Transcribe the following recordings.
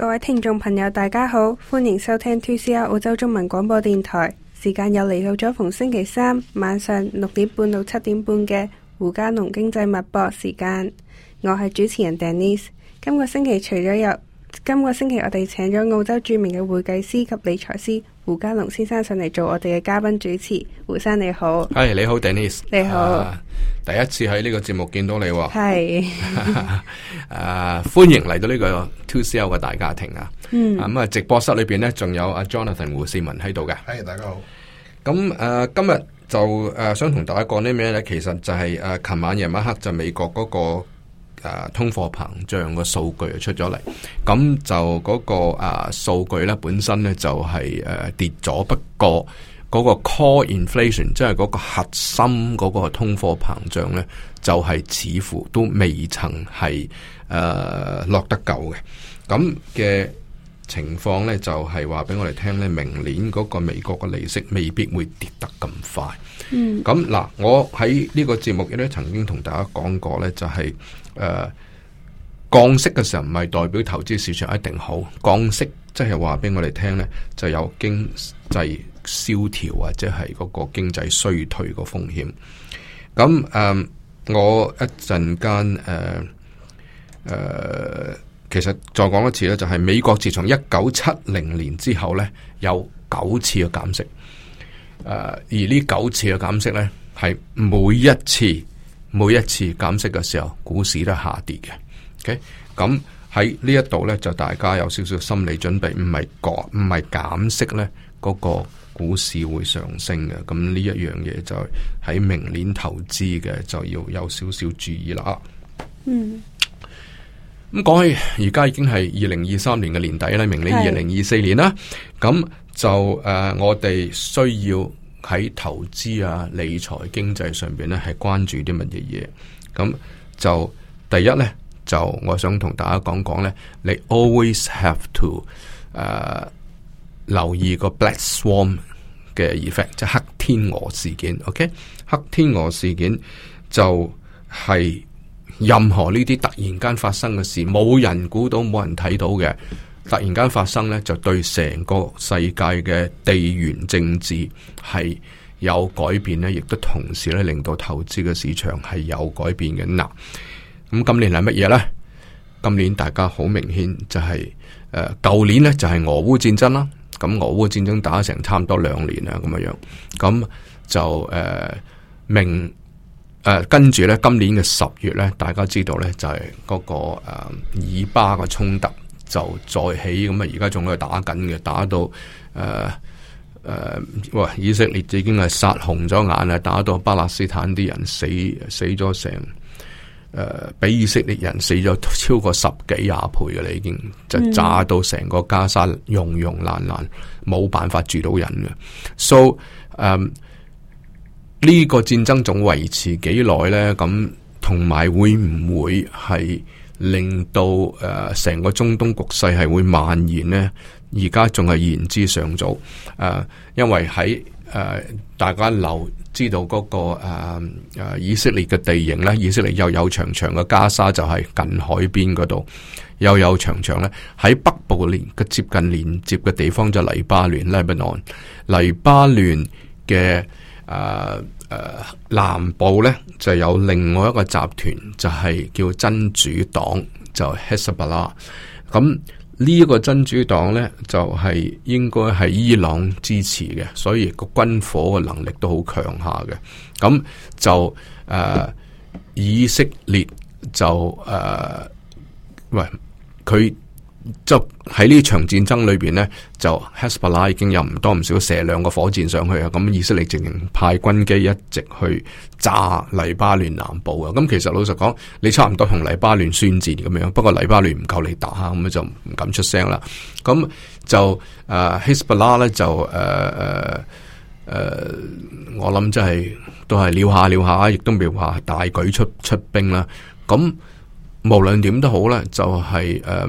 各位聽眾朋友，大家好，歡迎收聽 TCR 澳洲中文廣播電台。時間又嚟到咗逢星期三晚上六點半到七點半嘅胡嘉龍經濟脈搏時間。我係主持人 Dennis。今個星期除咗有，今個星期我哋請咗澳洲著名嘅會計師及理財師。胡嘉龍先生上嚟做我哋嘅嘉賓主持，胡生你好，係你好 Denise，你好，Denise 你好 uh, 第一次喺呢個節目見到你，係，誒歡迎嚟到呢個 Two C O 嘅大家庭啊，咁啊、嗯 uh, 直播室裏邊呢，仲有阿 Jonathan 胡善文喺度嘅，係、hey, 大家好，咁誒、呃、今日就誒、呃、想同大家講啲咩咧，其實就係誒琴晚夜晚黑就美國嗰、那個。誒，通貨膨脹個數據出咗嚟，咁就嗰、那個誒數、啊、據咧，本身咧就係、是、誒、啊、跌咗，不過嗰個 core inflation，即係嗰個核心嗰個通貨膨脹咧，就係、是、似乎都未曾係誒、啊、落得夠嘅，咁嘅情況咧就係話俾我哋聽咧，明年嗰個美國嘅利息未必會跌得咁快。嗯，咁嗱，我喺呢個節目亦都曾經同大家講過咧，就係、是。誒，uh, 降息嘅時候唔係代表投資市場一定好，降息即係話俾我哋聽呢，就有經濟蕭條或者係嗰個經濟衰退個風險。咁，嗯、uh,，我一陣間，誒，誒，其實再講一次咧，就係美國自從一九七零年之後呢，有九次嘅減息，誒、uh,，而呢九次嘅減息呢，係每一次。每一次減息嘅時候，股市都下跌嘅。OK，咁喺呢一度呢，就大家有少少心理準備，唔係降，唔係減息呢，嗰、嗰個股市會上升嘅。咁呢一樣嘢就喺明年投資嘅，就要有少少注意啦。嗯，咁講起，而家已經係二零二三年嘅年底啦，明年二零二四年啦，咁是就誒、呃，我哋需要喺投資啊、理財、經濟上邊咧，係關注啲乜嘢嘢？咁就第一咧，就我想同大家講講咧，你 always have to 誒、uh, 留意個 black swan 嘅 effect，即係黑天鵝事件。OK，黑天鵝事件就係任何呢啲突然間發生嘅事，冇人估到，冇人睇到嘅。突然間發生呢，就對成個世界嘅地緣政治係有改變呢，亦都同時呢，令到投資嘅市場係有改變嘅。嗱、啊，咁今年係乜嘢呢？今年大家好明顯就係、是、誒、舊、呃、年呢，就係、是、俄烏戰爭啦。咁俄烏戰爭打成差唔多兩年啦，咁樣樣，咁就誒、呃、明誒跟住呢，今年嘅十月呢，大家知道呢，就係、是、嗰、那個誒、呃、以巴嘅衝突。就再起咁啊！而家仲喺度打緊嘅，打到誒誒，喂、呃呃！以色列已經係殺紅咗眼啊，打到巴勒斯坦啲人死死咗成誒，比以色列人死咗超過十幾廿倍嘅啦，已經就炸到成個加沙融融爛爛，冇辦法住到人嘅。so 誒、呃，呢、呢個戰爭仲維持幾耐咧？咁同埋會唔會係？令到誒成、呃、個中東局勢係會蔓延呢，而家仲係言之尚早。誒、呃，因為喺誒、呃、大家留知道嗰、那個誒、呃呃、以色列嘅地形咧，以色列又有長長嘅加沙，就係近海邊嗰度，又有長長咧喺北部連嘅接近連接嘅地方就係黎巴嫩 （Lebanon）。黎巴嫩嘅。啊，誒、uh, uh, 南部咧就有另外一個集團，就係、是、叫真主黨，就是、Hezbollah 咁呢一、這個真主黨咧，就係、是、應該係伊朗支持嘅，所以個軍火嘅能力都好強下嘅。咁就誒、uh, 以色列就誒，唔、uh, 佢。就喺呢場戰爭裏邊呢，就哈斯巴拉已經有唔多唔少射兩個火箭上去啊！咁以色列直情派軍機一直去炸黎巴嫩南部啊！咁其實老實講，你差唔多同黎巴嫩宣戰咁樣，不過黎巴嫩唔夠你打啊，咁就唔敢出聲啦。咁就誒、呃，哈斯巴拉咧就誒誒誒，我諗即係都係撩下撩下，亦都未話大舉出出兵啦。咁無論點都好呢，就係、是、誒。呃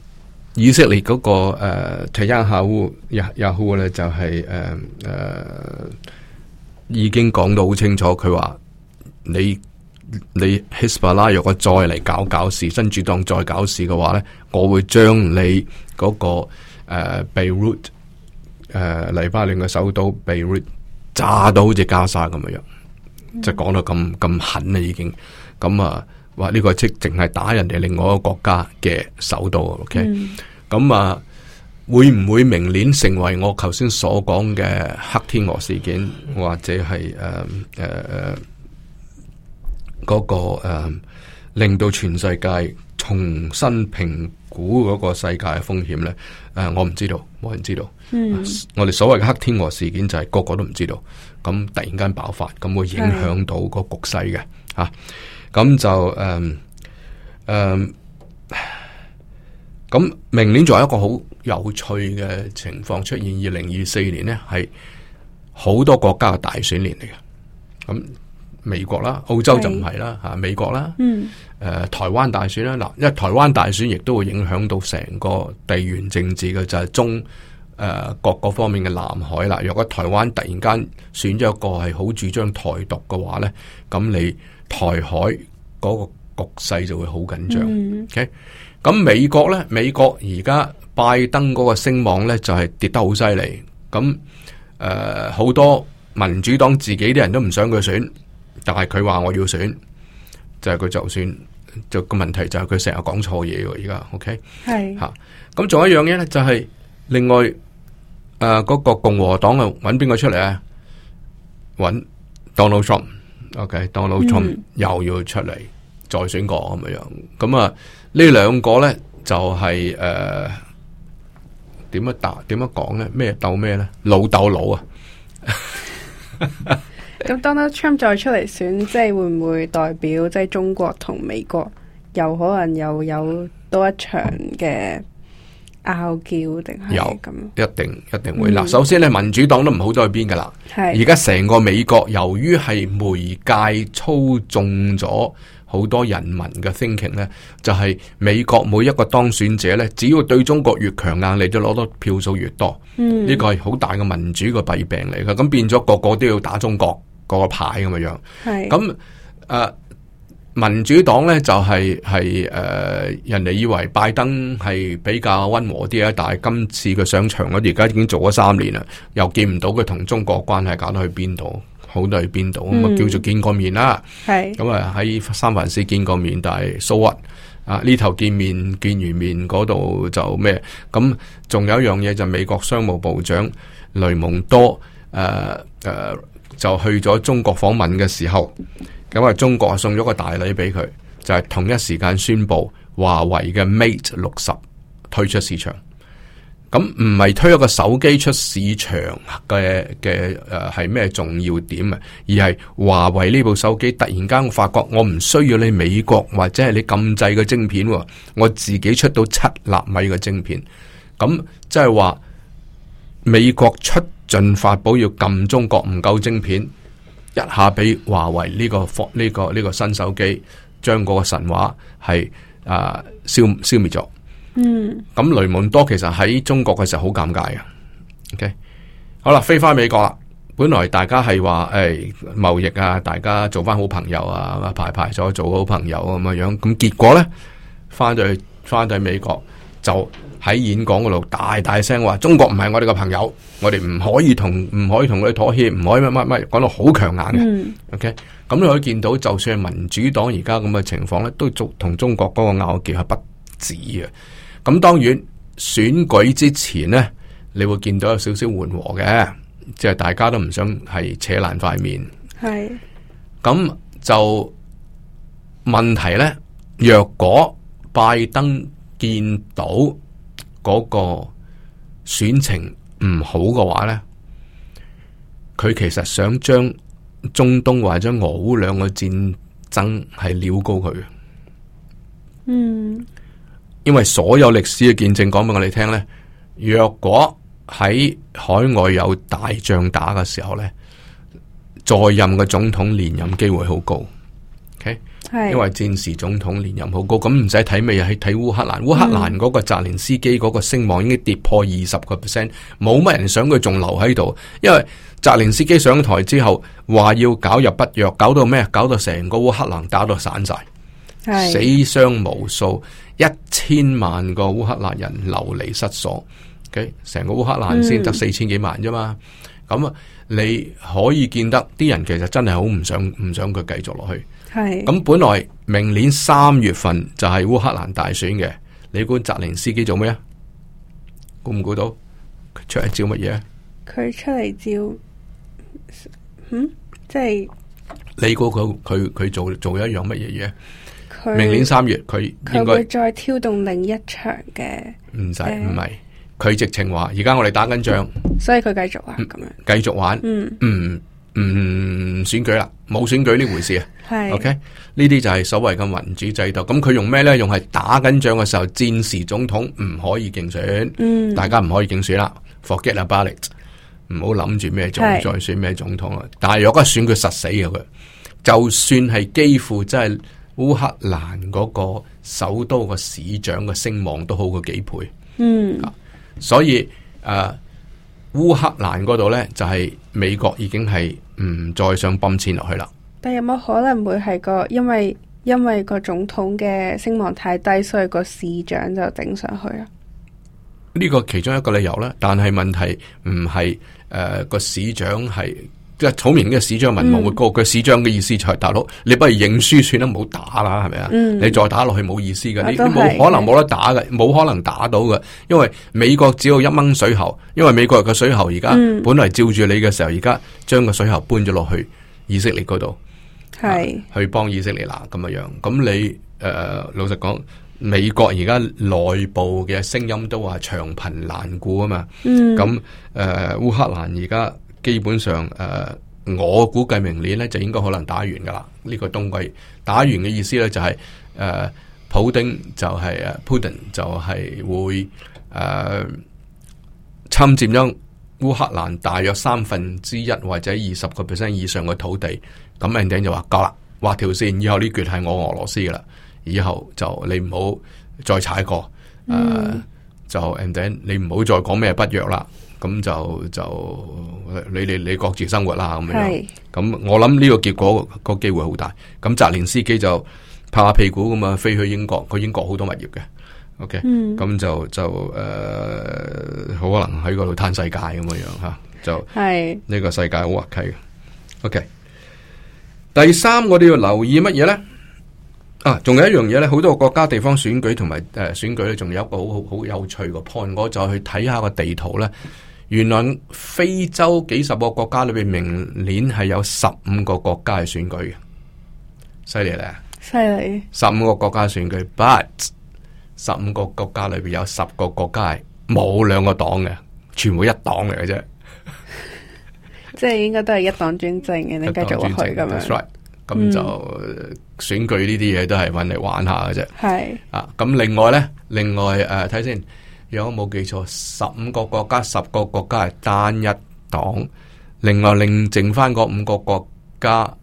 以色列嗰個誒提亞哈烏、雅雅烏咧，就係誒誒已經講到好清楚，佢話你你 Hezbollah 若果再嚟搞搞事，真主黨再搞事嘅話咧，我會將你嗰、嗰個 Beirut 誒黎巴嫩嘅首都 Beirut 炸到好似加沙咁嘅樣，嗯、就講到咁咁狠啦、啊，已經咁啊！話呢、這個即淨係打人哋另外一個國家嘅首都，OK？咁、嗯、啊，會唔會明年成為我頭先所講嘅黑天鵝事件，或者係誒誒嗰個誒、啊、令到全世界重新評估嗰個世界嘅風險呢？誒、啊，我唔知道，冇人知道。嗯啊、我哋所謂嘅黑天鵝事件就係個個都唔知道，咁突然間爆發，咁會影響到個局勢嘅，吓、啊。咁就誒誒，咁、嗯嗯、明年仲有一個好有趣嘅情況出現，二零二四年呢，係好多國家嘅大選年嚟嘅，咁美國啦、澳洲就唔係啦吓，是美國啦，誒、嗯呃、台灣大選啦。嗱，因為台灣大選亦都會影響到成個地緣政治嘅，就係、是、中。誒，各個方面嘅南海啦，如果台灣突然間選咗一個係好主張台獨嘅話呢，咁你台海嗰個局勢就會好緊張。嗯、OK，咁美國呢？美國而家拜登嗰個聲望呢，就係跌得好犀利。咁誒，好、呃、多民主黨自己啲人都唔想佢選，但係佢話我要選，就係、是、佢就算就個問題就係佢成日講錯嘢喎。而家 OK 係吓是，咁仲、啊、有一樣嘢呢，就係、是、另外。誒，嗰、啊那個共和黨啊，揾邊個出嚟啊？揾 Donald Trump，OK，Donald Trump,、okay? Donald Trump 嗯、又要出嚟再選過咁樣，咁啊兩呢兩個咧就係誒點樣打點樣講咧？咩鬥咩咧？老鬥老啊！咁 Donald Trump 再出嚟選，即、就、係、是、會唔會代表即係、就是、中國同美國又可能又有多一場嘅？拗撬定係咁，一定一定會嗱。嗯、首先你民主黨都唔好是在邊噶啦。係而家成個美國，由於係媒介操縱咗好多人民嘅 thinking 咧，就係、是、美國每一個當選者咧，只要對中國越強硬，你都攞到票數越多。嗯，呢個係好大嘅民主嘅弊病嚟嘅。咁變咗個個都要打中國嗰個牌咁嘅樣。係咁是，誒。呃民主黨呢，就係係誒，人哋以為拜登係比較溫和啲啊，但係今次佢上場我哋而家已經做咗三年啦，又見唔到佢同中國關係搞到去邊度，好到去邊度，咁啊、嗯、叫做見過面啦，係咁啊喺三藩市見過面，但係 so what 啊，呢頭見面見完面嗰度就咩？咁、嗯、仲有一樣嘢就是、美國商務部長雷蒙多誒誒、呃呃，就去咗中國訪問嘅時候。咁啊！中國送咗個大禮俾佢，就係、是、同一時間宣布華為嘅 Mate 六十推出市場。咁唔係推一個手機出市場嘅嘅誒，係咩、啊、重要點啊？而係華為呢部手機突然間，我發覺我唔需要你美國或者係你禁制嘅晶片，我自己出到七納米嘅晶片。咁即係話美國出盡法寶要禁中國唔夠晶片。一下俾華為呢個呢個呢個新手機將嗰個神話係啊消消滅咗，嗯，咁雷蒙多其實喺中國嘅時候好尷尬嘅，OK，好啦，飛翻美國啦，本來大家係話誒貿易啊，大家做翻好朋友啊，排排坐做好朋友咁樣，咁結果呢，翻到去翻到去美國就。喺演講嗰度大大聲話：中國唔係我哋嘅朋友，我哋唔可以同唔可以同佢妥協，唔可以乜乜乜，講到好強硬嘅。嗯、OK，咁你可以見到，就算係民主黨而家咁嘅情況咧，都足同中國嗰個拗撬係不止嘅。咁當然選舉之前咧，你會見到有少少緩和嘅，即係大家都唔想係扯爛塊面。係咁是就問題咧，若果拜登見到。嗰個選情唔好嘅話呢，佢其實想將中東或者俄烏兩個戰爭係撩高佢嘅。嗯，因為所有歷史嘅見證講俾我哋聽呢，若果喺海外有大仗打嘅時候呢，在任嘅總統連任機會好高，OK。因為戰時總統連任好高，咁唔使睇咩啊？去睇烏克蘭，烏克蘭嗰個澤連斯基嗰個聲望已經跌破二十個 percent，冇乜人想佢仲留喺度。因為澤連斯基上台之後，話要搞入北約，搞到咩？搞到成個烏克蘭打到散晒，是死傷無數，一千萬個烏克蘭人流離失所。OK，成個烏克蘭先得四千幾萬啫嘛。咁啊，你可以見得啲人其實真係好唔想唔想佢繼續落去。係咁是本來明年三月份就係烏克蘭大選嘅，你估澤連斯基做咩啊？估唔估到？佢出嚟照乜嘢？佢出嚟照，嗯，即係你估佢佢佢做做一樣乜嘢嘢？他明年三月佢佢會再挑動另一場嘅？唔使唔係，佢、嗯、直情話，而家我哋打緊仗，所以佢繼續玩，咁樣繼續玩，嗯嗯。嗯唔、嗯、選舉啦，冇選舉呢回事啊。係是，OK 呢啲就係所謂嘅民主制度。咁佢用咩呢？用係打緊仗嘅時候，戰時總統唔可以競選。嗯，大家唔可以競選啦。Forget a b o u t i t 唔好諗住咩再，是再選咩總統啦。但係如果選舉實死咗佢，就算係幾乎真係烏克蘭嗰個首都個市長嘅聲望都好過幾倍。嗯、啊，所以誒。呃烏克蘭嗰度呢，就係美國已經係唔再想泵錢落去啦。但有冇可能會係個因為因為個總統嘅聲望太低，所以個市長就頂上去啊？呢個其中一個理由呢，但係問題唔係誒個市長係。即係草民嘅市長民望會高，佢、嗯、市長嘅意思就係大佬，你不如認輸算啦，唔好打啦，係咪啊？嗯、你再打落去冇意思噶，你冇可能冇得打噶，冇、嗯、可能打到噶，因為美國只有一蚊水喉，因為美國嘅水喉而家本嚟照住你嘅時候，而家將個水喉搬咗落去以色列嗰度，係去幫以色列啦咁樣。咁你誒、呃，老實講，美國而家內部嘅聲音都話長貧難顧啊嘛。咁誒、嗯，烏、嗯呃呃、克蘭而家。基本上，誒、呃，我估計明年咧就應該可能打完噶啦。呢、這個冬季打完嘅意思咧就係、是，誒、呃，普丁、就是，就係誒 Putin 就係會誒侵佔咗烏克蘭大約三分之一或者二十個 percent 以上嘅土地。咁 Andy 就話夠啦，畫條線，以後呢橛係我俄羅斯噶啦，以後就你唔好再踩過。誒、呃，就 Andy 你唔好再講咩北約啦。咁就就你哋你各自生活啦咁樣,是樣。咁我諗呢個結果、個機會好大。咁澤連司機就拍下屁股咁啊，飛去英國。佢英國好多物業嘅，OK、嗯。咁就就誒，好、呃、可能喺嗰度嘆世界咁樣樣吓、啊，就呢是個世界好滑稽嘅。OK。第三，我哋要留意乜嘢咧？啊，仲有一樣嘢咧，好多國家地方選舉同埋誒選舉咧，仲有一個好好好有趣個 point，我再去睇下個地圖咧。原來非洲幾十個國家裏邊，明年係有十五個國家嘅選舉嘅，犀利咧！犀利害！十五個國家選舉，but 十五個國家裏邊有十個國家係冇兩個黨嘅，全部一黨嚟嘅啫。 即係應該都係一黨專政嘅，政你繼續去㗎嘛。咁 's、right, 嗯、就選舉呢啲嘢都係搵嚟玩下嘅啫。係是啊，咁另外咧，另外誒，睇、呃、先。如果冇記錯，十五個國家，十個國家係單一黨，另外另剩翻嗰五個國家，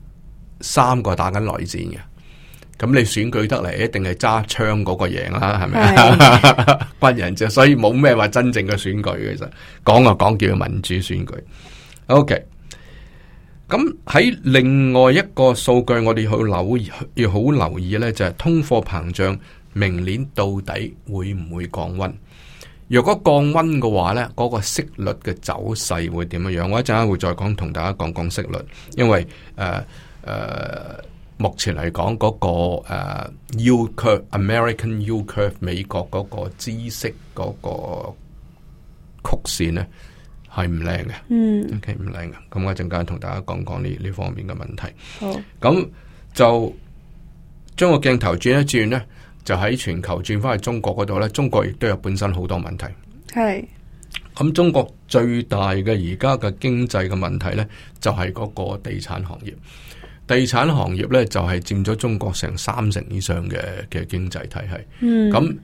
三個打緊內戰嘅，咁你選舉得嚟，一定係揸槍嗰個贏啦，係咪啊？軍是 人啫，所以冇咩話真正嘅選舉其實講就講叫民主選舉。O K，咁喺另外一個數據，我哋要好留意，要好留意呢，就係、是、通貨膨脹，明年到底會唔會降溫？如果降溫嘅話呢嗰、嗰個息率嘅走勢會點樣？我一陣間會再講，同大家講講息率，因為誒誒、啊啊，目前嚟講嗰個誒、啊、U curve, American U curve 美國嗰個知識嗰個曲線呢係唔靚嘅，嗯唔靚嘅。咁、okay, 我一陣間同大家講講呢呢方面嘅問題。好，咁就將個鏡頭轉一轉咧。就喺全球轉翻去中國嗰度呢，中國亦都有本身好多問題。係咁是，中國最大嘅而家嘅經濟嘅問題呢，就係、是、嗰個地產行業。地產行業呢，就係佔咗中國成三成以上嘅嘅經濟體系。嗯，咁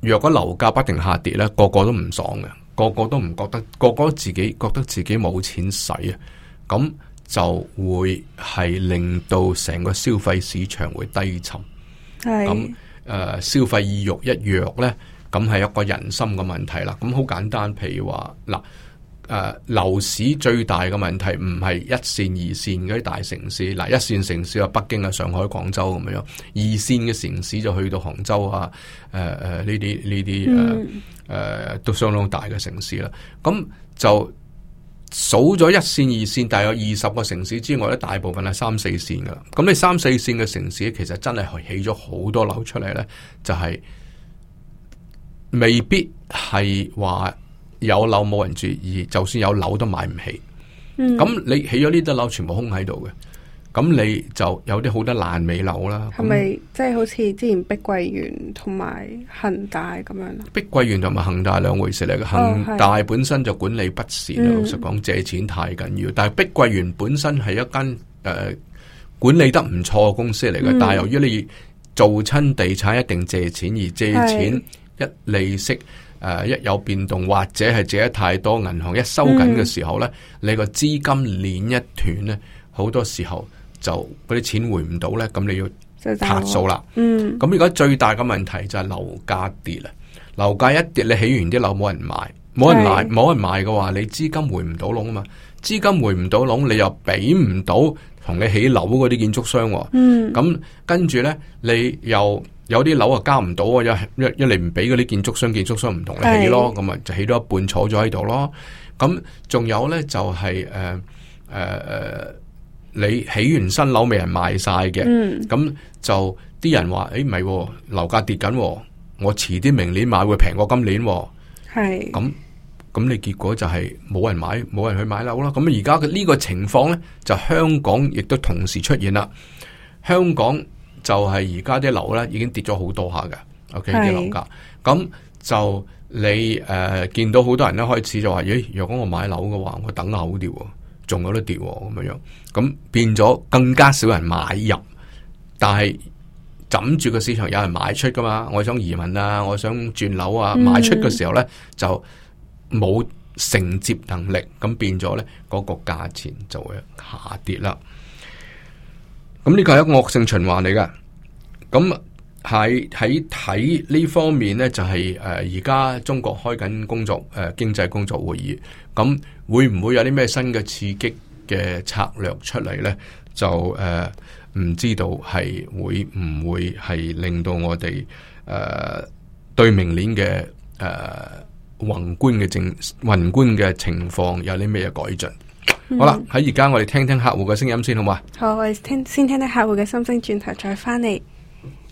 若果樓價不停下跌呢，個個都唔爽嘅，個個都唔覺得，個個自己覺得自己冇錢使啊，咁就會係令到成個消費市場會低沉。咁是。誒消費意欲一弱呢，咁係一個人心嘅問題啦。咁好簡單，譬如話嗱，誒、呃、樓市最大嘅問題唔係一線二線嗰啲大城市，嗱、呃、一線城市啊，北京啊、上海、廣州咁樣樣，二線嘅城市就去到杭州啊、誒誒呢啲呢啲誒誒都相當大嘅城市啦。咁就。數咗一線、二線，大約二十個城市之外咧，大部分係三四線噶啦。咁你三四線嘅城市，其實真係起咗好多樓出嚟呢就係、是、未必係話有樓冇人住，而就算有樓都買唔起。咁、嗯、你起咗呢啲樓，全部空喺度嘅。咁你就有啲那好多爛尾樓啦。係咪？即係好似之前碧桂園同埋恒大咁樣？碧桂園同埋恒大兩回事嚟嘅，恒大、哦、本身就管理不善啊。嗯、老實講，借錢太緊要。但係碧桂園本身係一間誒、呃、管理得唔錯嘅公司嚟嘅，嗯、但係由於你做親地產一定借錢，而借錢、嗯、一利息誒、呃、一有變動，或者係借得太多銀，銀行一收緊嘅時候呢、嗯、你個資金鏈一斷呢好多時候。就嗰啲錢回唔到咧，咁你要拍數啦。嗯，咁而家最大嘅問題就係樓價跌啦，樓價一跌，你起完啲樓冇人買，冇是人買，冇人買嘅話，你資金回唔到籠啊嘛，資金回唔到籠，你又俾唔到同你起樓嗰啲建築商啊。嗯，咁跟住咧，你又有啲樓啊交唔到啊，一一一嚟唔俾嗰啲建築商，建築商唔同你起咯，咁啊是就起咗一半坐咗喺度咯。咁仲有咧就係誒誒誒。呃呃呃你起完新樓未人賣晒嘅，咁、嗯、就啲人話：，誒、哎，唔係、哦，樓價跌緊，我遲啲明年買會平過今年、哦。係是，咁咁你結果就係冇人買，冇人去買樓啦。咁而家嘅呢個情況咧，就香港亦都同時出現啦。香港就係而家啲樓咧已經跌咗好多下嘅，OK 啲樓價。咁就你誒、呃、見到好多人一開始就話：，咦、哎，若果我買樓嘅話，我等下好啲。仲有得跌咁、啊、樣，咁變咗更加少人買入，但係枕住個市場有人賣出噶嘛，我想移民啊，我想轉樓啊，賣、嗯、出嘅時候呢，就冇承接能力，咁變咗呢，嗰、那個價錢就會下跌啦。咁呢個係一個惡性循環嚟噶，咁。喺喺睇呢方面呢，就係誒，而家中國開緊工作誒、呃、經濟工作會議，咁會唔會有啲咩新嘅刺激嘅策略出嚟呢？就誒唔、呃、知道係會唔會係令到我哋誒、呃、對明年嘅誒、呃、宏觀嘅政宏觀嘅情況有啲咩嘢改進？Mm. 好啦，喺而家我哋聽聽客戶嘅聲音先，好嘛？好，我哋聽先聽聽客戶嘅心聲，轉頭再翻嚟。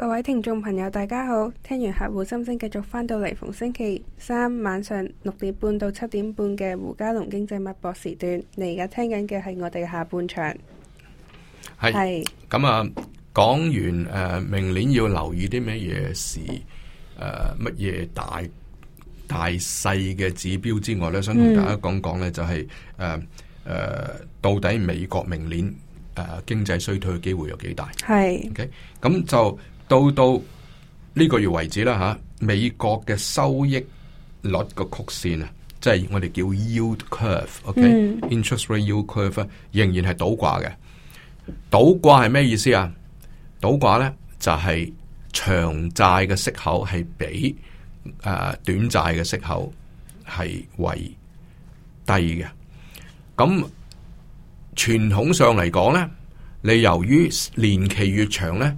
各位聽眾朋友，大家好！聽完客戶心聲，繼續翻到嚟逢星期三晚上六點半到七點半嘅胡嘉龍經濟脈搏時段。你而家聽緊嘅係我哋嘅下半場。係是。咁是啊，講完誒、呃，明年要留意啲咩嘢事？誒、呃，乜嘢大大細嘅指標之外呢，想同大家講講呢，就係誒誒，到底美國明年誒、啊、經濟衰退嘅機會有幾大？係是。OK，咁就。到到呢個月為止啦，吓，美國嘅收益率個曲線啊，即係我哋叫 yield curve，ok，interest rate yield curve 仍然係倒掛嘅。倒掛係咩意思啊？倒掛咧就係長債嘅息口係比誒短債嘅息口係為低嘅。咁傳統上嚟講咧，你由於年期越長咧。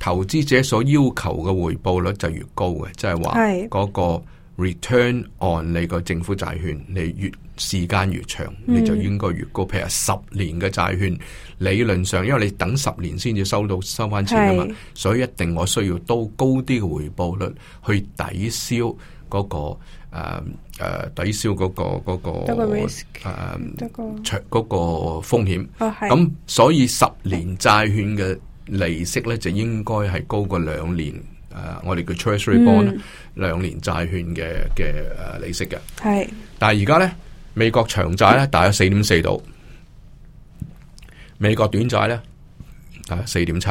投資者所要求嘅回報率就越高嘅，即係話嗰個 return on 你個政府債券，你越時間越長，你就應該越高。譬如十年嘅債券，理論上因為你等十年先至收到收返錢啊嘛，所以一定我需要多高啲嘅回報率去抵消嗰個誒、啊啊啊、抵消嗰個嗰個誒、啊、卓、啊啊、風險。咁所以十年債券嘅。利息咧，就應該係高過兩年，誒、啊，我哋叫 treasury bond 兩、嗯、年債券嘅嘅誒利息嘅。係是，但係而家咧，美國長債咧大約四點四度，美國短債咧大約四點七，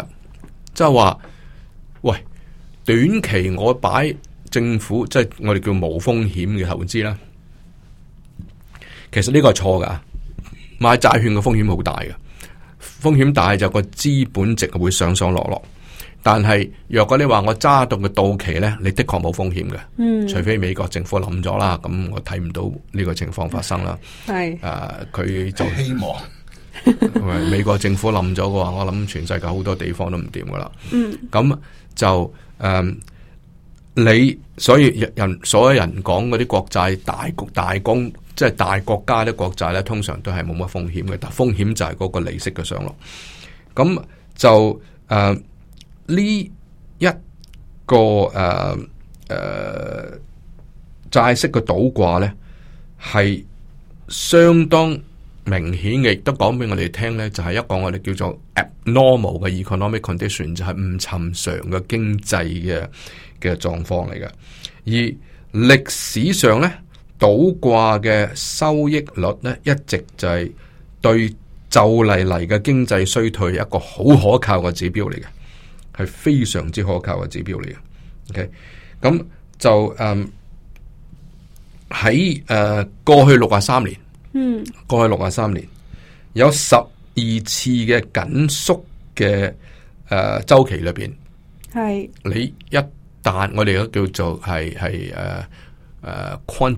即係話，喂，短期我擺政府即係、就是、我哋叫無風險嘅投資啦，其實呢個係錯噶，買債券嘅風險好大噶。風險大就個、是、資本值會上上落落，但係若果你話我揸到佢到期呢，你的確冇風險嘅，嗯、除非美國政府冧咗啦，咁我睇唔到呢個情況發生啦。係，誒，佢就希望 美國政府冧咗嘅話，我諗全世界好多地方都唔掂噶啦。嗯，咁就誒，你所以人所有人講嗰啲國債大大工。即係大國家啲國債咧通常都係冇乜風險嘅，但係風險就係嗰個利息嘅上落。咁就誒呢、呃、一個誒誒債息嘅倒掛咧，係相當明顯嘅，亦都講俾我哋聽咧，就係一個我哋叫做 abnormal 嘅 economic condition，就係唔尋常嘅經濟嘅嘅狀況嚟嘅。而歷史上咧。倒掛嘅收益率咧，一直就係對就嚟嚟嘅經濟衰退一個好可靠嘅指標嚟嘅，係非常之可靠嘅指標嚟嘅。OK，咁就誒喺誒過去六十三年，嗯，過去六十三年,、嗯、年有十二次嘅緊縮嘅誒周期裏邊，係是你一旦我哋都叫做係係誒誒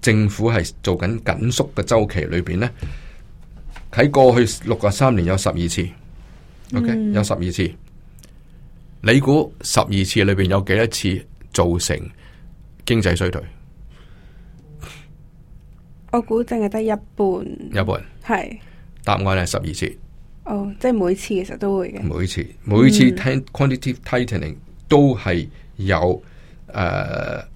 政府係做緊緊縮嘅周期裏邊呢，喺過去六十三年有十二次，OK、嗯、有十二次。你估十二次裏邊有幾多次造成經濟衰退？我估淨係得一半，一半係是答案係十二次。哦，oh, 即係每次其實都會嘅，每次每次聽 quantitative tightening 都係有誒。嗯呃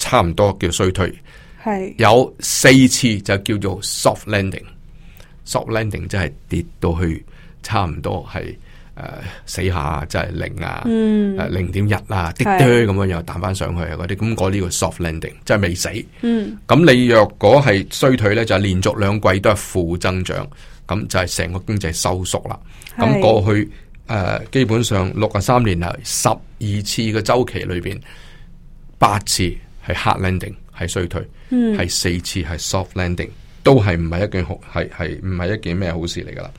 差唔多叫衰退，係是有四次就叫做 soft landing，soft landing 即係跌到去差唔多係誒、呃、死下，即係零啊，誒零點一啊，跌咗咁樣又彈翻上去啊嗰啲，咁嗰呢個 soft landing 即係未死。嗯，咁你若果係衰退咧，就係連續兩季都係負增長，咁就係成個經濟收縮啦。咁是過去誒、呃、基本上六十三年嚟十二次嘅周期裏邊，八次。係 hard landing 係衰退，係四次係 soft landing 都係唔係一件好係係唔係一件咩好事嚟噶啦，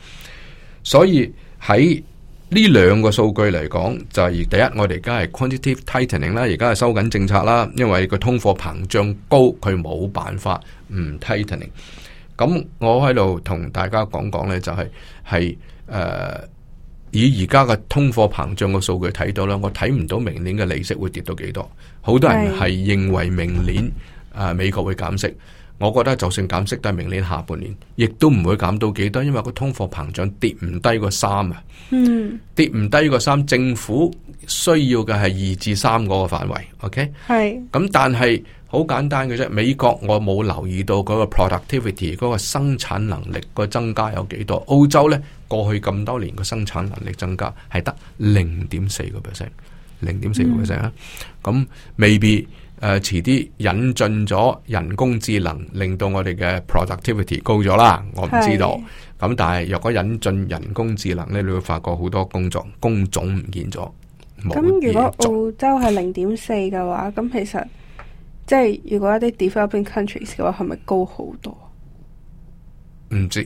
所以喺呢兩個數據嚟講就係第一，我哋而家係 quantitative tightening 啦，而家係收緊政策啦，因為個通貨膨脹高，佢冇辦法唔 tightening。咁我喺度同大家講講呢，就係係誒。呃以而家嘅通貨膨脹嘅數據睇到啦，我睇唔到明年嘅利息會跌到幾多。好多人係認為明年啊美國會減息，我覺得就算減息，都係明年下半年亦都唔會減到幾多，因為個通貨膨脹跌唔低個三啊，嗯，跌唔低個三，政府需要嘅係二至三嗰個範圍。OK，係。咁但係好簡單嘅啫，美國我冇留意到嗰個 productivity，嗰個生產能力個增加有幾多？澳洲呢。過去咁多年個生產能力增加係得零點四個 percent，零點四個 percent 啊！咁未必誒，遲、呃、啲引進咗人工智能，令到我哋嘅 productivity 高咗啦。我唔知道。咁是但係若果引進人工智能咧，你會發覺好多工作工種唔見咗。咁如果澳洲係零點四嘅話，咁 其實即係如果一啲 developing countries 嘅話，係咪高好多？唔知。.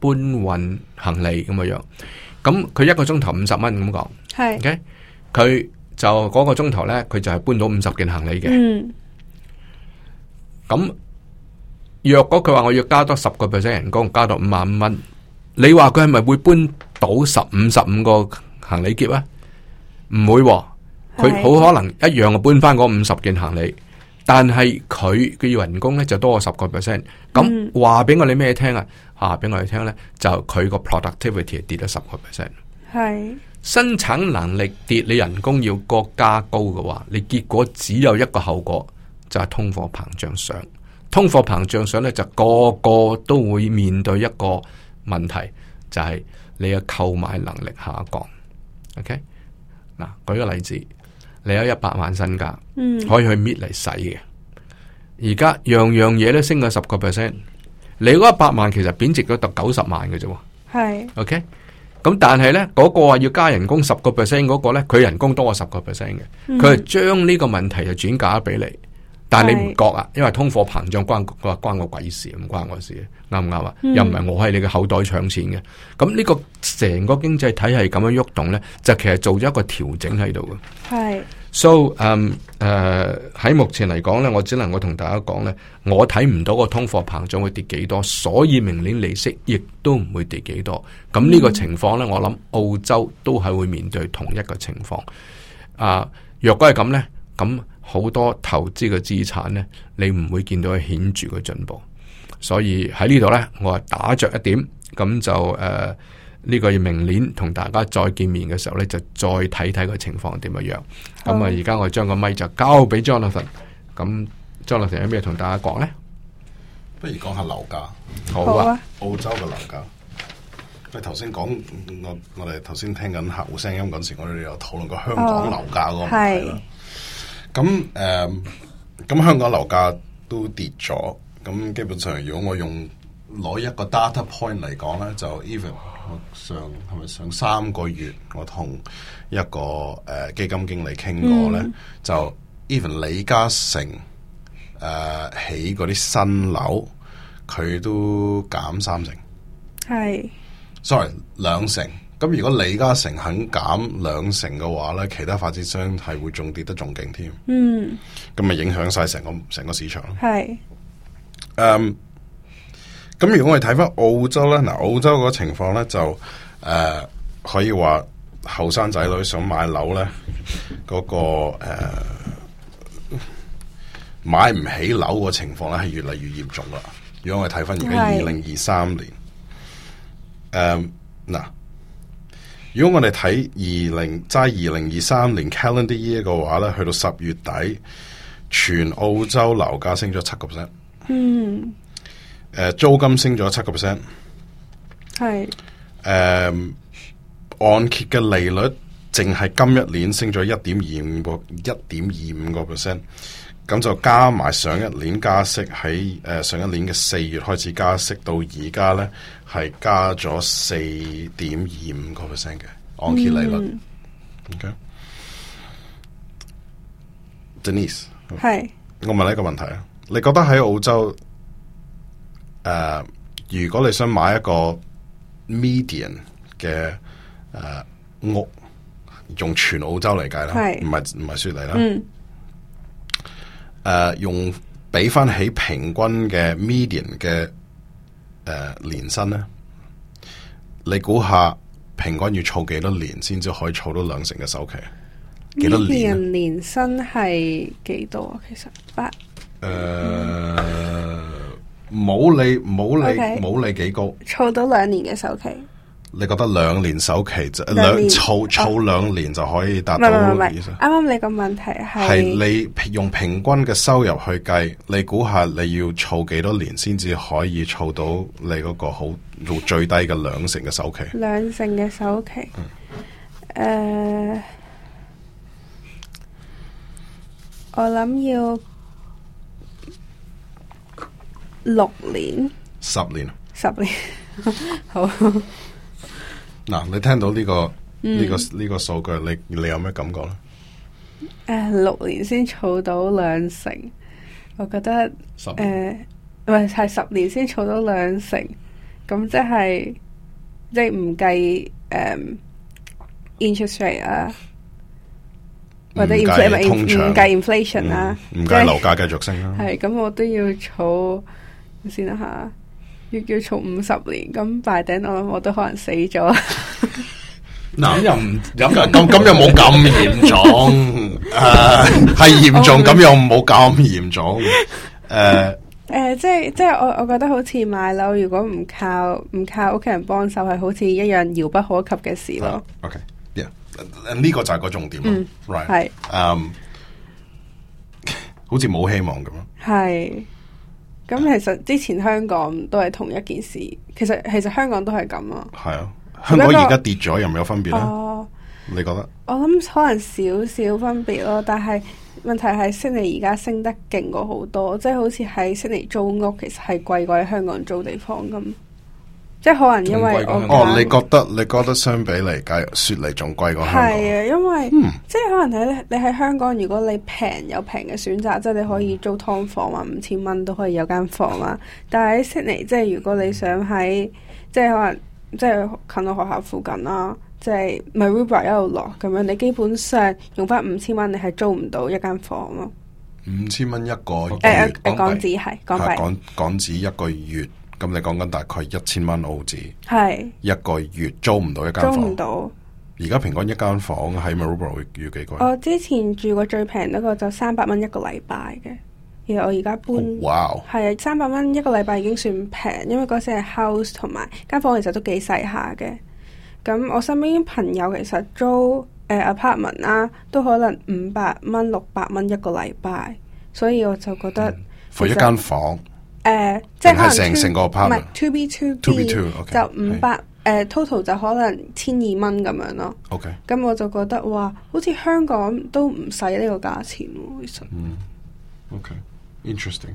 搬運行李咁樣，咁佢一個鐘頭五十蚊咁講，係，佢是、okay? 就嗰個鐘頭咧，佢就係搬到五十件行李嘅。咁、嗯、若果佢話我要加多十個 percent 人工，加到五萬五蚊，你話佢係咪會搬到十五十五個行李篋啊？唔會、哦，佢好可能一樣啊搬翻嗰五十件行李，但係佢嘅要人工咧就多咗十個 percent。咁話俾我哋咩聽啊？吓，俾、啊、我哋聽咧，就佢個 productivity 跌咗十個 percent，係生產能力跌，你人工要個加高嘅話，你結果只有一個後果，就係、是、通貨膨脹上。通貨膨脹上咧，就個個都會面對一個問題，就係、是、你嘅購買能力下降。OK，嗱、啊，舉個例子，你有一百萬身家，嗯、可以去搣嚟使嘅，而家樣樣嘢都升咗十個 percent。你嗰一百萬其實貶值咗到九十萬嘅啫，係是，OK，咁、嗯、但係咧嗰個啊要加人工十個 percent 嗰個咧，佢人工多我十個 percent 嘅，佢係將呢個問題就轉嫁咗俾你，但係你唔覺啊，是因為通貨膨脹關佢話關我鬼事，唔關我事，啱唔啱啊？嗯、又唔係我喺你嘅口袋搶錢嘅，咁呢個成個經濟體系咁樣喐動咧，就其實做咗一個調整喺度嘅。所以誒誒，喺、so, um, uh, 目前嚟講呢，我只能夠同大家講呢，我睇唔到個通貨膨脹會跌幾多，所以明年利息亦都唔會跌幾多。咁呢個情況呢，我諗澳洲都係會面對同一個情況。啊，若果係咁呢，咁好多投資嘅資產呢，你唔會見到顯著嘅進步。所以喺呢度呢，我係打着一點，咁就誒。Uh, 呢個要明年同大家再見面嘅時候咧，就再睇睇個情況點樣樣。咁啊，而家我將個咪就交俾 Jonathan。咁 Jonathan 有咩同大家講咧？不如講下樓價。好啊，好啊，澳洲嘅樓價。我頭先講我我哋頭先聽緊客戶聲音嗰時，我哋又討論過香港樓價嗰個問題。咁誒、oh, 是，咁、uh, 香港樓價都跌咗。咁基本上，如果我用攞一個 data point 嚟講咧，就 even。上係咪上三個月？我同一個誒、呃、基金經理傾過咧，嗯、就 even 李嘉誠誒起嗰啲新樓，佢都減三成。係是，sorry 兩成。咁如果李嘉誠肯減兩成嘅話咧，其他發展商係會仲跌得仲勁添。嗯，咁咪影響晒成個成個市場。係是，嗯。Um, 咁如果我哋睇翻澳洲咧，嗱，澳洲嗰個情況咧就誒、呃、可以話後生仔女想買樓咧，嗰、嗰個誒、呃、買唔起樓個情況咧係越嚟越嚴重啦。如果我哋睇翻而家二零二三年，誒嗱是、呃，如果我哋睇二零齋二零二三年 calendar year 嘅話咧，去到十月底，全澳洲樓價升咗七個 percent。嗯。誒，uh, 租金升咗七個 percent，係，誒是，um, 按揭嘅利率淨係今一年升咗一點二五個一點二五個 percent，咁就加埋上,上一年加息，喺、呃、誒上一年嘅四月開始加息到，到而家咧係加咗四點二五個 percent 嘅按揭利率。Okay Denise，係，我問你一個問題啊，你覺得喺澳洲？誒，uh, 如果你想買一個 median 嘅誒、uh, 屋，用全澳洲嚟計啦，唔係唔係雪梨啦，誒，嗯 uh, 用俾翻起平均嘅 median 嘅誒、uh, 年薪咧，你估下平均要儲幾多年先至可以儲到兩成嘅首期？幾多年？年薪係幾多啊？其實八誒、uh, 嗯。冇你冇你冇你幾高？儲到兩年嘅首期？你覺得兩年首期就兩儲儲兩年就可以達到？唔係唔係？啱啱思你個問題係係你用平均嘅收入去計，你估下你要儲幾多年先至可以儲到你嗰個好最低嘅兩成嘅首期？兩 成嘅首期？誒、嗯，uh, 我諗要。六年，十年，十年，好。嗱，你聽到呢、這個呢、嗯這個呢、這個數據，你你有咩感覺咧？誒，六年先儲到兩成，我覺得，誒年，唔係十年先儲到兩成，咁即係即係唔計誒 interest rate 啊，或者唔 infl 計 inflation 啊，唔計樓價繼續升啦，啊。係咁， 我都要儲。先啦吓，要叫做五十年，咁拜頂我諗我都可能死咗。嗱咁又唔咁咁咁又冇咁嚴重，係嚴重咁又冇咁嚴重。誒誒、 uh, uh,，即係即係我我覺得好似買樓，如果唔靠唔靠屋企人幫手，係好似一樣遙不可及嘅事咯。Right. OK，yeah，、okay. 呢、uh, 個就係個重點。嗯，係，嗯，好似冇希望咁咯。係。咁其實之前香港都係同一件事，其實其實香港都係咁啊。係啊，香港而家跌咗，有冇有分別咧？哦，你覺得？我諗可能少少分別咯，但係問題係悉尼而家升得勁過好多，即係好似喺悉尼租屋其實係貴過喺香港租地方咁。即係可能因為哦，你覺得你覺得相比嚟計，雪梨仲貴過香港。係啊，因為、嗯、即係可能喺你喺香港，如果你平有平嘅選擇，即係你可以租劏房啊，五千蚊都可以有間房啊。但係喺悉尼，即係如果你想喺即係可能即係近個學校附近啦，即係咪 River 一路落咁樣，你基本上用翻五千蚊，你係租唔到一間房咯。五千蚊一個月誒，港紙係港幣，港港紙一個月。咁你講緊大概一千蚊澳紙，係一個月租唔到一間房。租唔到。而家平均一間房喺 Maroopa 要幾貴？我之前住過最平一個就三百蚊一個禮拜嘅，然後我而家搬。哇 Wow.！係啊，三百蚊一個禮拜已經算平，因為嗰時係 house 同埋間房其實都幾細下嘅。咁我身邊朋友其實租誒、呃、apartment 啦、啊，都可能五百蚊六百蚊一個禮拜，所以我就覺得，就、嗯、一間房。誒，即係可能 part to B to B 就五百誒 total 就可能千二蚊咁樣咯。OK，咁我就覺得哇，好似香港都唔使呢個價錢喎，其實。嗯，OK，interesting。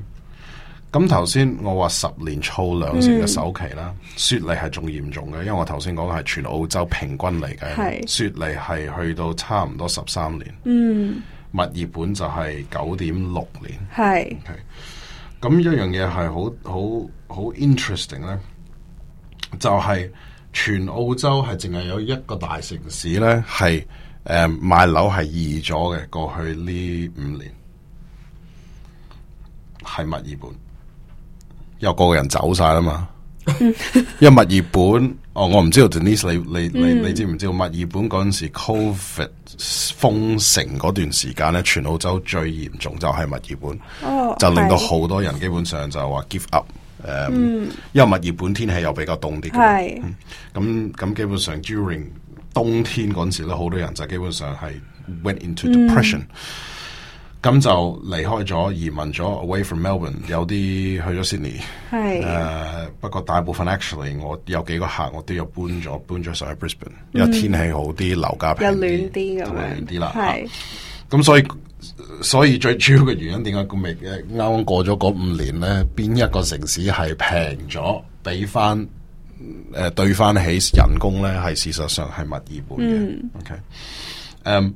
咁頭先我話十年湊兩成嘅首期啦，雪梨係仲嚴重嘅，因為我頭先講嘅係全澳洲平均嚟計，雪梨係去到差唔多十三年。嗯，墨爾本就係九點六年。係。咁一樣嘢係好好好 interesting 咧，就係、是、全澳洲係淨係有一個大城市咧，係誒、呃、買樓係易咗嘅。過去呢五年係墨爾本，又個人走晒啦嘛。 因為墨爾本，哦，我唔知道，Denise，你你你，、嗯、你知唔知道？道墨爾本嗰陣時，COVID 封城嗰段時間咧，全澳洲最嚴重就係墨爾本，oh, 就令到好多人基本上就話 give up，誒、um, 嗯，因為墨爾本天氣又比較凍啲，咁咁是、嗯、基本上 during 冬天嗰陣時咧，好多人就基本上係 went into depression、嗯。咁就離開咗，移民咗 Away from Melbourne，有啲去咗 Sydney 是。係。誒不過大部分 Actually，我有幾個客我都要搬咗，搬咗上去 Brisbane，因為、嗯、天氣好啲，樓價平啲，又暖啲咁樣啦。係。咁是、uh, 所以所以最主要嘅原因點解咁？未誒啱啱過咗嗰五年咧？邊一個城市係平咗，畀翻誒、呃、對翻起人工咧係事實上係墨爾本嘅。嗯、OK，誒、um,。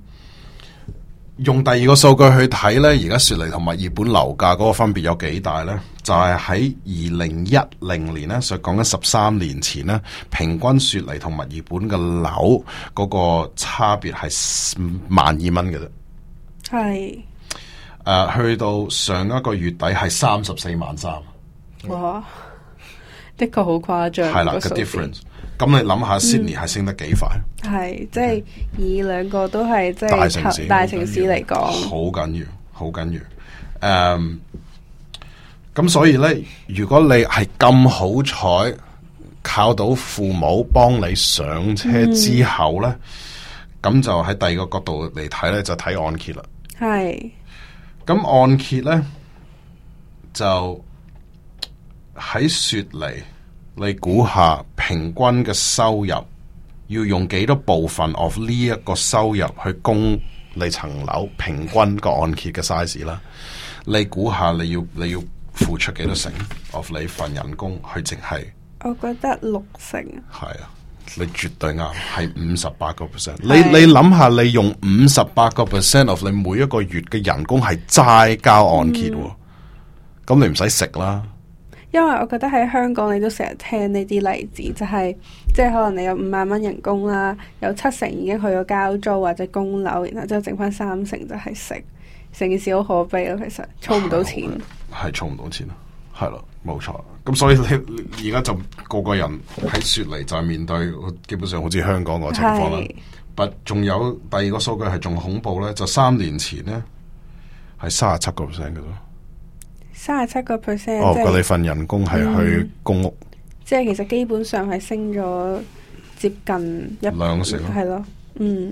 用第二個數據去睇呢，而家雪梨同墨爾本樓價嗰個分別有幾大呢？就係喺二零一零年呢，就講緊十三年前呢，平均雪梨同墨爾本嘅樓嗰個差別係萬二蚊嘅啫。係是、uh, 去到上一個月底係三十四萬三。哇！的確好誇張。係啦的，嘅 difference 想想、嗯。咁你諗下 Sydney 係升得幾快？係是，即係 Okay. 以兩個都係即係大城市嚟講，好緊要，好緊要。誒，咁、um, 所以呢，如果你係咁好彩，靠到父母幫你上車之後呢，咁、嗯、就喺第二個角度嚟睇呢，就睇按揭啦。係是。咁按揭呢？就。喺雪梨，你估下平均嘅收入要用幾多部分 of 呢一個收入去供你層樓平均個按揭嘅 size 啦？你估下你要你要付出幾多成 of 你份人工去淨係？我覺得六成啊，係啊，你絕對啱，係五十八個 percent。你你諗下，你用五十八個 percent of 你每一個月嘅人工係齋交按揭，咁、嗯嗯嗯、你唔使食啦。因為我覺得喺香港你都成日聽呢啲例子，就係、是、即係可能你有五萬蚊人工啦，有七成已經去咗交租或者供樓，然後之後剩翻三成就係食，成件事好可悲咯、啊。其實儲唔到錢，係儲唔到錢咯，係咯，冇錯。咁所以你而家就個個人喺雪梨就係面對，基本上好似香港個情況啦。不的，仲有第二個數據係仲恐怖咧，就三年前咧係卅七個 percent 嘅咯。三十七個 percent，即係你份人工係去供屋，嗯、即係其實基本上係升咗接近一兩成，係咯，嗯。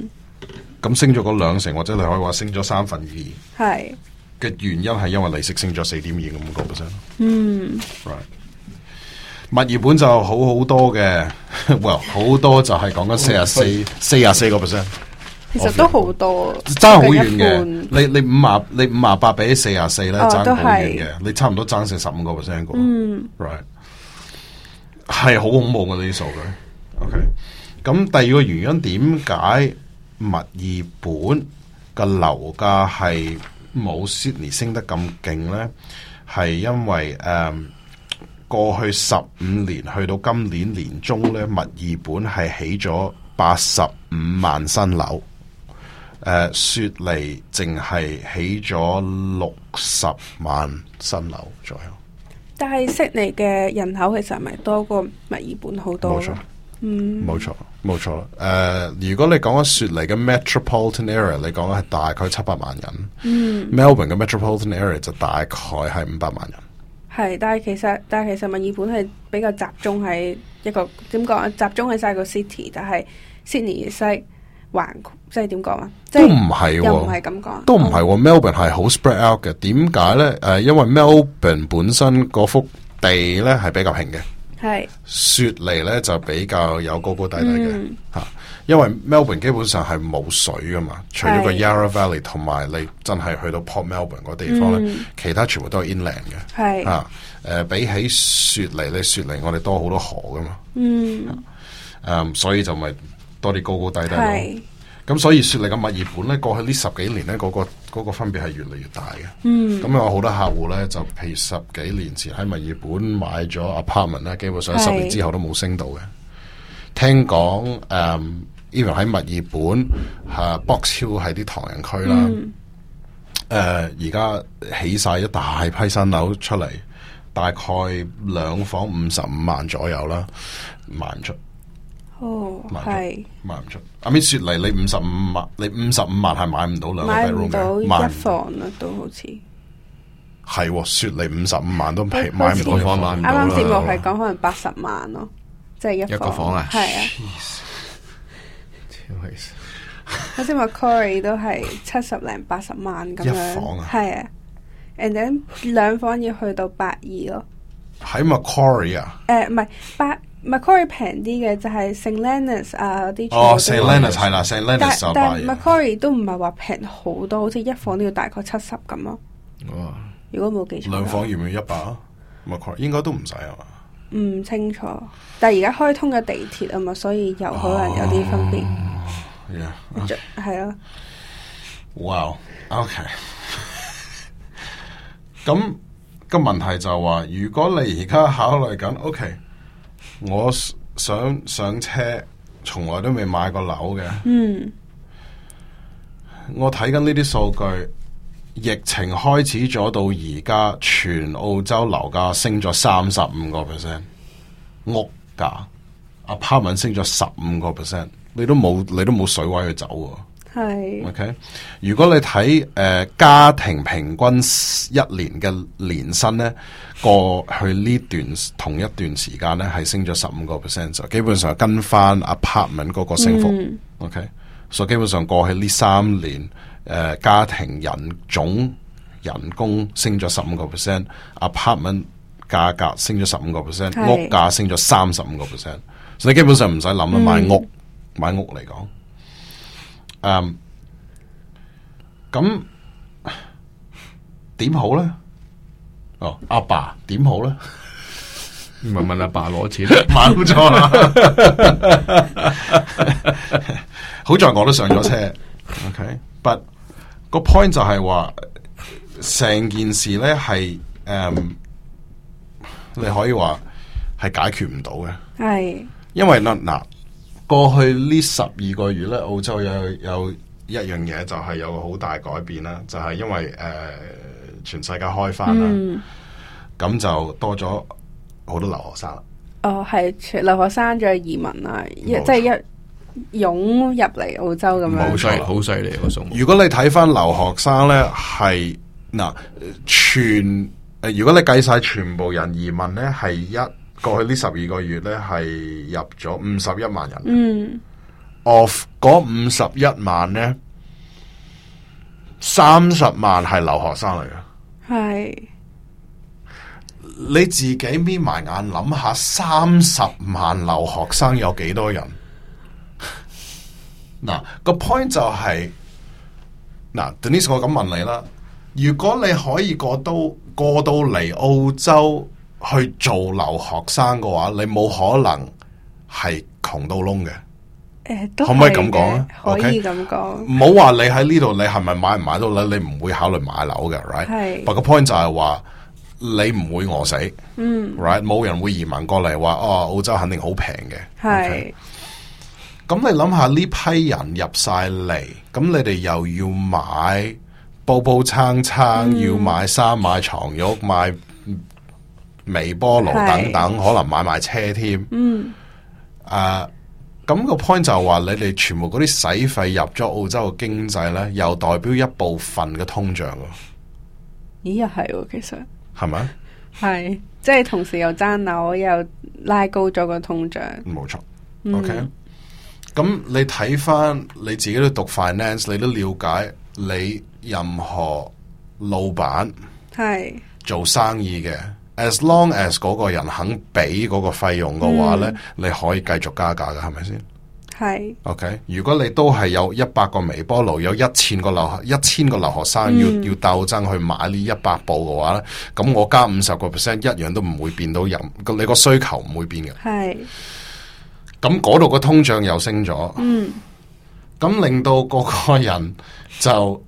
咁升咗嗰兩成，或者你可以話升咗三分二，係嘅原因係因為利息升咗四點二五個 percent，嗯。物業、right. 墨爾本就好好多嘅，哇，好多就係講緊四啊四四啊四個 percent。其實都好多，爭好遠嘅。你 58, 你五啊，你五啊八比四啊四咧，爭好遠嘅。係你差唔多爭成十五個 percent 個，嗯，Right 係好恐怖嘅呢啲數據嘅。OK，咁第二個原因，點解墨爾本嘅樓價係冇 Sydney 升得咁勁咧？係因為誒、嗯、過去十五年去到今年年中咧，墨爾本係起咗八十五萬新樓。誒，uh, 雪梨淨係起咗六十萬新樓左右，但係悉尼嘅人口其實唔係多過墨爾本好多，冇錯，嗯，冇錯冇錯，誒，uh, 如果你講緊雪梨嘅 metropolitan area，你講嘅係大概七百萬人，嗯，Melbourne 嘅 metropolitan area 就大概係五百萬人，係，但係其實但係其實墨爾本係比較集中喺一個，點講啊，集中喺晒個 city，但係悉尼西，就係。環即係點講啊？都唔係、又，唔係咁講。都唔係，Melbourne 係好 spread out 嘅。點解咧？誒、呃，因為 Melbourne 本身嗰幅地咧係比較平嘅，係是雪梨咧就比較有高高低低嘅吓、嗯啊。因為 Melbourne 基本上係冇水噶嘛，是除咗個 Yarra Valley 同埋你真係去到 Port Melbourne 個地方咧，嗯、其他全部都係 inland 嘅。係吓誒，比起雪梨咧，雪梨我哋多好多河噶嘛。嗯，誒、嗯，所以就咪。多啲高高低低咁是的 所以說嚟嘅墨爾本咧，過去呢十幾年咧、那個，嗰、那個個分別係越嚟越大嘅。嗯，嗯，咁有好多客戶咧，就譬如十幾年前喺墨爾本買咗 apartment 咧，基本上十年之後都冇升到嘅。聽講誒，even 喺墨爾本吓、uh，Box Hill 喺啲唐人區啦。誒、嗯呃，而家起晒一大批新樓出嚟，大概兩房五十五萬左右啦，萬出。哦，係賣唔出。阿咪雪梨，你五十五萬，你五十五萬係買唔到兩一房啊，都好似係雪梨五十五萬都買唔到個房。啱啱節目係講可能八十萬咯，即係一一個房啊。係啊，好似 Macquarie 都係七十零八十萬咁樣，係啊，and then 兩房要去到八二咯。喺 Macquarie 啊？誒，唔係八。Macquarie 平啲嘅就係 Saint Leonards 啊啲哦 Saint Leonards 係啦 Saint Leonards 就但但 Macquarie 都唔係話平好多，好似一房都要大概七十咁咯。如果冇記錯，兩房要唔要一百？Macquarie 應該都唔使係嘛？唔清楚，但係而家開通嘅地鐵啊嘛，所以又可能有啲分別。係啊。哇，OK。咁個問題就話，如果你而家考慮緊，OK。我想上，上車，從來都未買過樓嘅。嗯、我睇緊呢啲數據，疫情開始咗到而家，全澳洲樓價升咗三十五個 percent，屋價、apartment 升咗十五個 percent，你都冇，你都冇水位去走喎。係，OK。如果你睇誒、呃、家庭平均一年嘅年薪咧，過去呢段同一段時間咧，係升咗十五個 percent，就基本上跟翻 apartment 嗰個升幅、嗯、，OK。所以基本上過去呢三年，誒、呃、家庭人總人工升咗十五個 percent，apartment 價格升咗十五個 percent，屋價升咗三十五個 percent，所以基本上唔使諗啦，買屋、嗯、買屋嚟講。嗯，咁點好咧？哦，阿爸點好咧？問問阿爸攞錢，冇錯啦。好在我都上咗車。OK，但個 point 就係話，成件事咧係誒，你可以話係解決唔到嘅。係，因為嗱嗱。過去呢十二個月咧，澳洲又有，有一樣嘢就係有好大改變啦，就係、是、因為誒、呃、全世界開放啦，咁、嗯、就多咗好多留學生啦。哦，係留學生仲有移民啊，錯即係一湧入嚟澳洲咁樣，錯好犀好犀利個數。如果你睇翻留學生呢，係嗱全、呃，如果你計晒全部人移民呢，係一。過去呢十二個月呢，係入咗五十一萬人。嗯、mm.，of 嗰五十一萬呢，三十萬係留學生嚟嘅。係、mm. 你自己眯埋眼諗下，三十萬留學生有幾多人？嗱 個 point 就係嗱，Denise 呢次我咁問你啦，如果你可以過到過到嚟澳洲。去做留學生嘅話，你冇可能係窮到窿嘅。誒，可唔可以咁講啊？Okay? 可以咁講，唔好話你喺呢度，你係咪買唔買到咧？你唔會考慮買樓嘅，right？但個是 point 就係話你唔會餓死，嗯，right？冇人會移民過嚟話，哦，澳洲肯定好平嘅，係是。咁、okay? 嗯、你諗下呢批人入晒嚟，咁你哋又要買煲煲罉罉、嗯，要買衫買床褥買床。買微波爐等等，是可能買埋車添。嗯。啊，咁、個 point 就話你哋全部嗰啲使費入咗澳洲嘅經濟呢，又代表一部分嘅通脹。咦？又係其實係咪？係嗎即係同時又爭樓又拉高咗個通脹。冇錯錯。嗯、OK。咁你睇翻你自己都讀 finance，你都了解你任何老闆係做生意嘅。as long as 嗰個人肯俾嗰個費用嘅話呢、嗯、你可以繼續加價㗎，係咪先？係是。OK，如果你都係有一百個微波爐，有一千個留學一千個留學生要、嗯、要鬥爭去買呢一百部嘅話呢，咁我加五十個 percent，一樣都唔會變到人，你個需求唔會變嘅。係是。咁嗰度嘅通脹又升咗。嗯。咁令到嗰個人就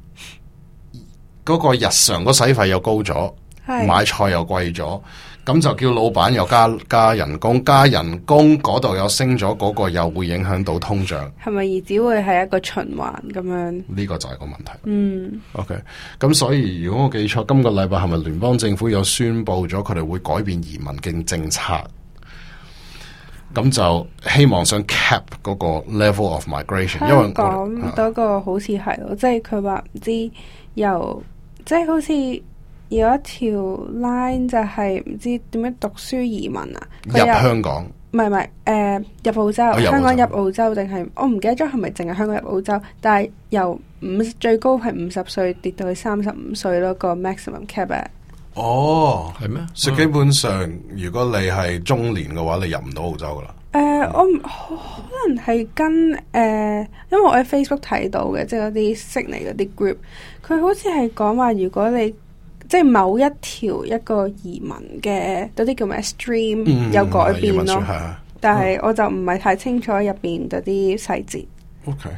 嗰個日常個使費又高咗。買菜又貴咗，咁就叫老闆又加加人工，加人工嗰度又升咗，嗰、嗰個又會影響到通脹，係咪而只會係一個循環咁樣？呢個就係個問題。嗯，OK，咁所以如果我記錯，今個禮拜係咪聯邦政府有宣布咗佢哋會改變移民嘅政策？咁就希望想 cap 嗰個 level of migration，是因為講嗰個好似係咯，即係佢話唔知又即係好似。有一條 line 就係唔知點樣讀書移民啊？入，入香港？唔係唔係誒？入澳洲？啊、澳洲香港入澳洲定係我唔記得咗係咪淨係香港入澳洲？但係由五最高係五十歲跌到去三十五歲咯，個 maximum cap 啊！哦，係咩嗎？所以基本上、嗯、如果你係中年嘅話，你入唔到澳洲噶啦。誒、呃，我可能係跟誒、呃，因為我喺 Facebook 睇到嘅，即係嗰啲悉尼嗰啲 group，佢好似係講話如果你。即係某一條一個移民嘅嗰啲叫咩 stream、嗯、有改變咯，但係我就唔係太清楚入邊嗰啲細節。OK、Okay.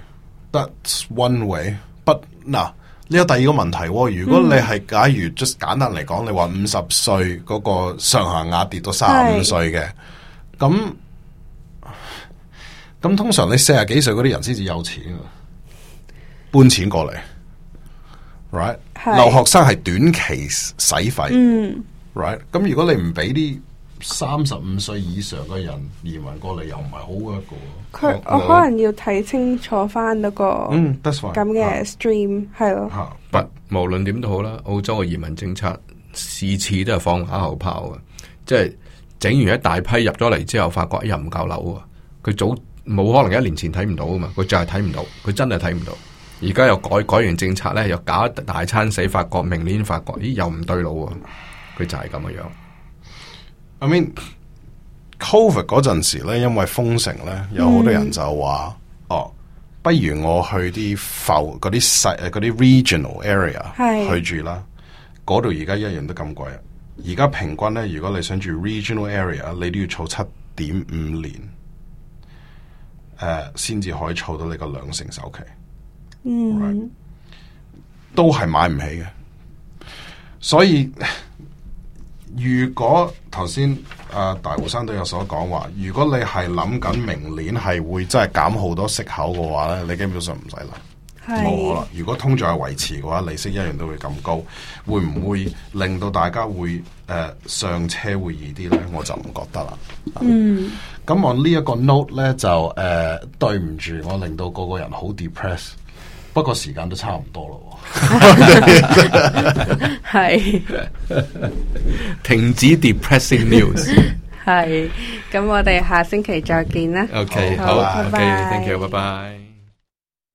That's one way。不？嗱，呢個第二個問題喎，如果你係假如、嗯、just 簡單嚟講，你話五十歲嗰個上限額跌到三十五歲嘅，咁咁的通常你四十幾歲嗰啲人先至有錢啊，搬錢過嚟。Right? 留學生係短期使費、嗯、，right？咁如果你唔俾啲三十五歲以上嘅人移民過嚟，又唔係好 work 㗎。佢我，我，我，我可能要睇清楚翻、那、嗰個咁嘅、嗯 right, stream，係咯、啊。不、啊、無論點都好啦，澳洲嘅移民政策次次都係放馬後炮嘅，即係整完一大批入咗嚟之後，發覺又唔夠樓啊！佢早冇可能一年前睇唔到啊嘛，佢就係睇唔到，佢真係睇唔到。而家又改改完政策咧，又搞大餐死法國，明年法國咦又唔對路啊！佢就係咁嘅樣。I mean，COVID 嗰陣時咧，因為封城咧，有好多人就話：mm. 哦，不如我去啲浮嗰啲細啲 regional area 去住啦。嗰度而家一樣都咁貴啊！而家平均咧，如果你想住 regional area，你都要儲七點五年，誒、呃，先至可以儲到你個兩成首期。嗯，right. 都係買唔起嘅，所以如果頭先啊大胡生都有所講話，如果你係諗緊明年係會真係減好多息口嘅話咧，你基本上唔使諗，冇可能。如果通脹係維持嘅話，利息一樣都會咁高，會唔會令到大家會誒、呃、上車會易啲咧？我就唔覺得啦。啊、嗯，咁我呢一個 note 咧就誒、呃，對唔住，我令到個個人好 depress。不過時間都差唔多咯喎，係，停止 depressing news 係，咁我哋下星期再見啦。OK，好，拜拜。OK，Thank you，拜拜。